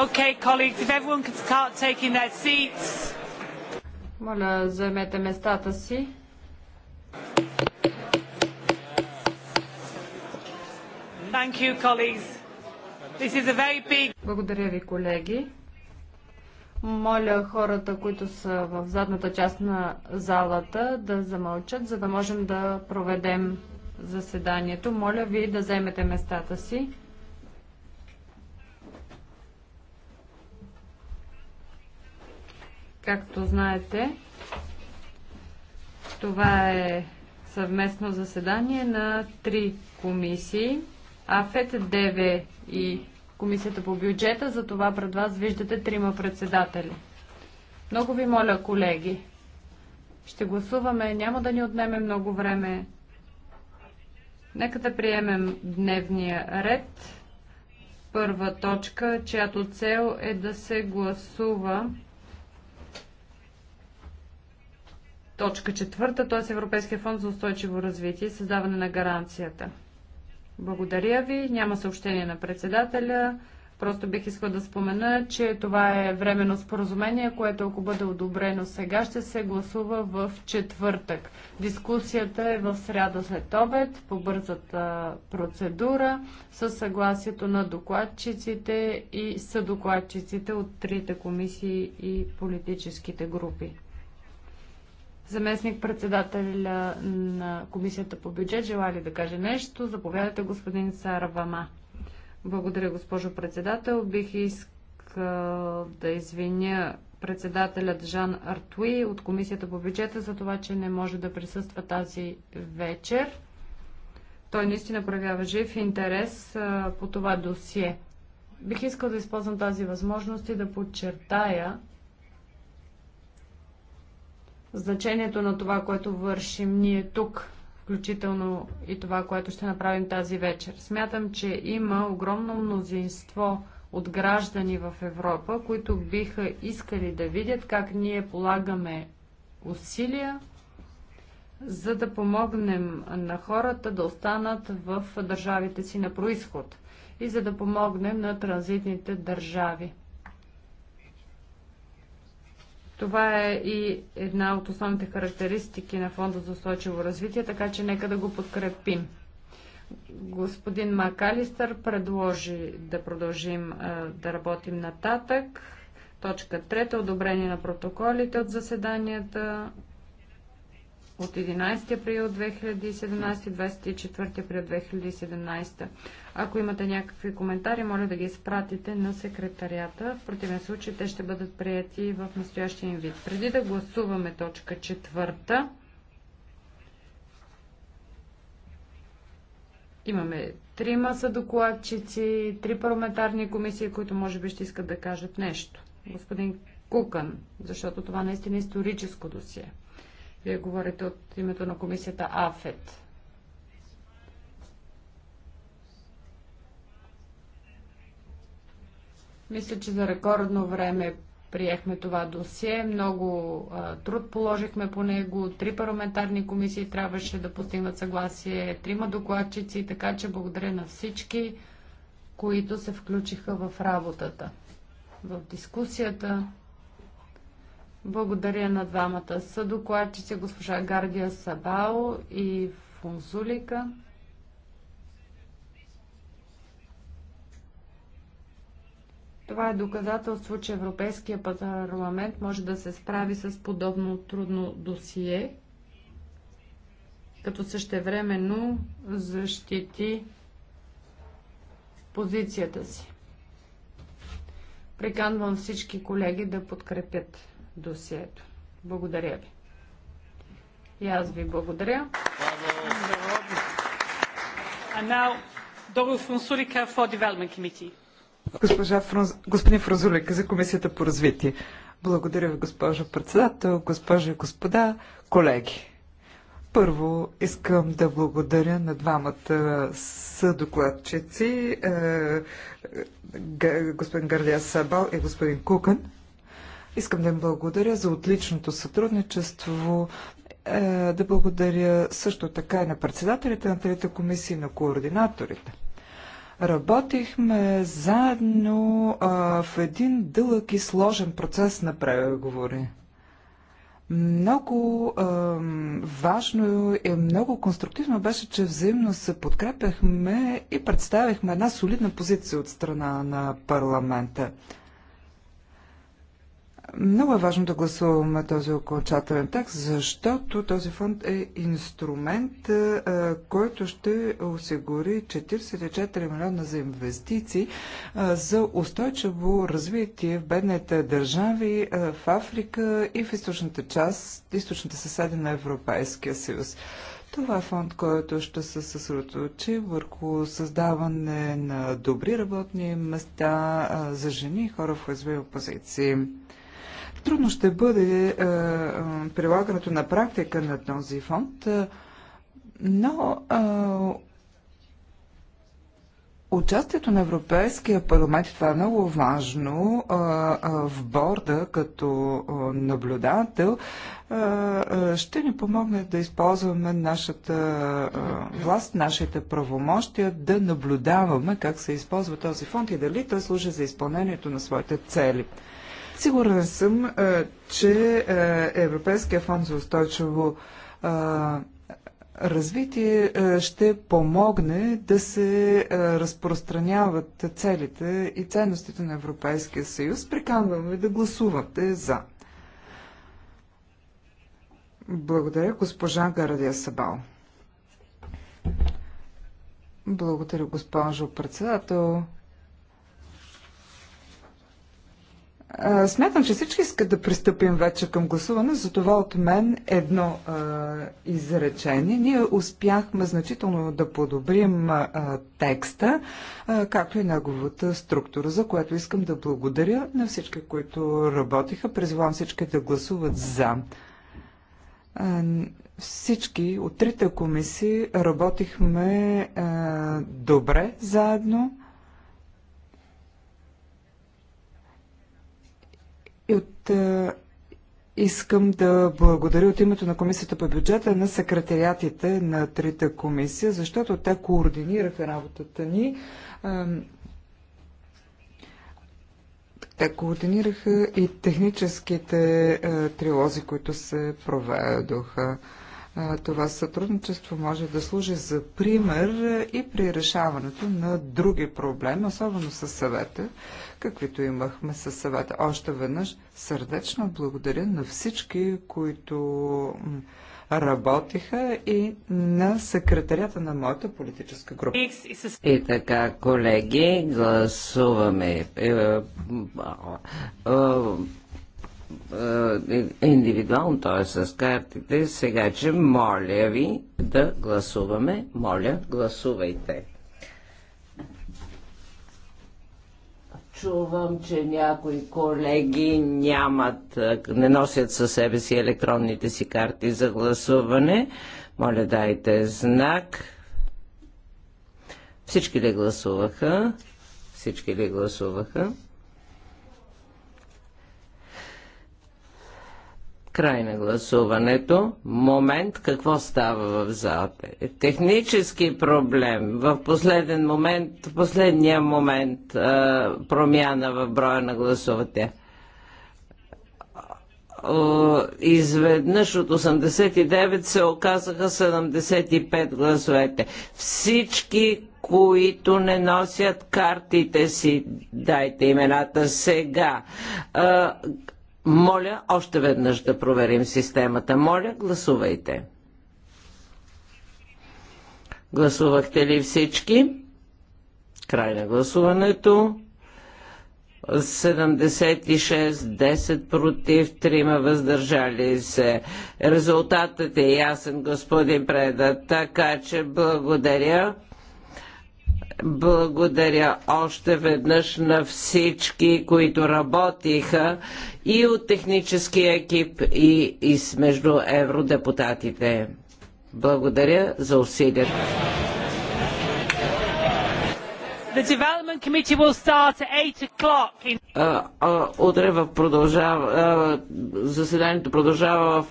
Okay, colleagues, if everyone could start taking their seats. Моля, заемете местата си. Thank you, colleagues. This is a very big... Благодаря ви, колеги. Моля хората, които са в задната част на залата, да замълчат, за да можем да проведем заседанието. Моля ви да заемете местата си. Както знаете, това е съвместно заседание на три комисии АФЕТ, ДВ и Комисията по бюджета. За това пред вас виждате трима председатели. Много ви моля, колеги, ще гласуваме, няма да ни отнеме много време. Нека да приемем дневния ред. Първа точка, чиято цел е да се гласува Точка четвърта, т.е. Европейския фонд за устойчиво развитие и създаване на гаранцията. Благодаря ви. Няма съобщение на председателя. Просто бих искала да спомена, че това е временно споразумение, което ако бъде одобрено сега, ще се гласува в четвъртък. Дискусията е в сряда след обед по бързата процедура с съгласието на докладчиците и съдокладчиците от трите комисии и политическите групи. Заместник председател на Комисията по бюджет желая ли да каже нещо? Заповядайте, господин Саравама. Благодаря, госпожо председател. Бих искал да извиня председателят Жан Артуи от Комисията по бюджета за това, че не може да присъства тази вечер. Той наистина проявява жив интерес по това досие. Бих искал да използвам тази възможност и да подчертая, значението на това, което вършим ние тук, включително и това, което ще направим тази вечер. Смятам, че има огромно мнозинство от граждани в Европа, които биха искали да видят как ние полагаме усилия, за да помогнем на хората да останат в държавите си на происход и за да помогнем на транзитните държави. Това е и една от основните характеристики на Фонда за устойчиво развитие, така че нека да го подкрепим. Господин Макалистър предложи да продължим да работим нататък. Точка 3. Одобрение на протоколите от заседанията от 11 април 2017 24 април 2017. Ако имате някакви коментари, моля да ги изпратите на секретарията. В противен случай те ще бъдат прияти в настоящия им вид. Преди да гласуваме точка четвърта, имаме три маса докладчици, три парламентарни комисии, които може би ще искат да кажат нещо. Господин Кукан, защото това наистина е историческо досие. Вие говорите от името на комисията АФЕТ. Мисля, че за рекордно време приехме това досие. Много а, труд положихме по него. Три парламентарни комисии трябваше да постигнат съгласие, трима докладчици, така че благодаря на всички, които се включиха в работата, в дискусията. Благодаря на двамата съдокладчици, госпожа Гардия Сабао и Фунзулика. Това е доказателство, че Европейския парламент може да се справи с подобно трудно досие, като същевременно защити позицията си. Приканвам всички колеги да подкрепят досието. Благодаря ви. И аз ви благодаря. Госпожа Фрунз... Господин Фрунзулик за Комисията по развитие. Благодаря ви, госпожо председател, госпожи и господа, колеги. Първо искам да благодаря на двамата съдокладчици, е, господин Гардия Сабал и господин Кукън. Искам да им благодаря за отличното сътрудничество, е, да благодаря също така и на председателите на трите комисии, на координаторите. Работихме заедно а, в един дълъг и сложен процес на преговори. Много а, важно и много конструктивно беше, че взаимно се подкрепяхме и представихме една солидна позиция от страна на парламента. Много е важно да гласуваме този окончателен текст, защото този фонд е инструмент, който ще осигури 44 милиона за инвестиции за устойчиво развитие в бедните държави в Африка и в източната част, източните съседа на Европейския съюз. Това е фонд, който ще се съсредоточи върху създаване на добри работни места за жени и хора в уязвими позиции. Трудно ще бъде е, е, прилагането на практика на този фонд, е, но Участието на Европейския парламент, и това е много важно, в борда като наблюдател ще ни помогне да използваме нашата власт, нашите правомощия, да наблюдаваме как се използва този фонд и дали той служи за изпълнението на своите цели. Сигурен съм, че Европейския фонд за устойчиво развитие ще помогне да се разпространяват целите и ценностите на Европейския съюз. Приканваме да гласувате за. Благодаря, госпожа Гарадия Сабал. Благодаря, госпожо председател. Смятам, че всички искат да пристъпим вече към гласуване, затова от мен едно а, изречение. Ние успяхме значително да подобрим а, текста, а, както и неговата структура, за което искам да благодаря на всички, които работиха. Призвам всички да гласуват за. А, всички от трите комисии работихме а, добре заедно И от, е, искам да благодаря от името на Комисията по бюджета на секретариатите на трите комисия, защото те координираха работата ни. Те координираха и техническите е, трилози, които се проведоха. Това сътрудничество може да служи за пример и при решаването на други проблеми, особено с съвета, каквито имахме с съвета. Още веднъж сърдечно благодаря на всички, които работиха и на секретарята на моята политическа група. И така, колеги, гласуваме е, е, е, е индивидуално, т.е. с картите. Сега, че моля ви да гласуваме. Моля, гласувайте. Чувам, че някои колеги нямат, е, не носят със себе си електронните си карти за гласуване. Моля, дайте знак. Всички ли гласуваха? Всички ли гласуваха? Край на гласуването. Момент, какво става в залата? Е, технически проблем. В последен момент, в последния момент промяна в броя на гласувате. Изведнъж от 89 се оказаха 75 гласовете. Всички, които не носят картите си, дайте имената сега моля още веднъж да проверим системата. Моля, гласувайте. Гласувахте ли всички? Край на гласуването. 76, 10 против, 3 въздържали се. Резултатът е ясен, господин Преда, така че благодаря. Благодаря още веднъж на всички, които работиха и от техническия екип, и, и между евродепутатите. Благодаря за усилията. The development committee will start at 8 o'clock. In... Утре в продължава, заседанието продължава в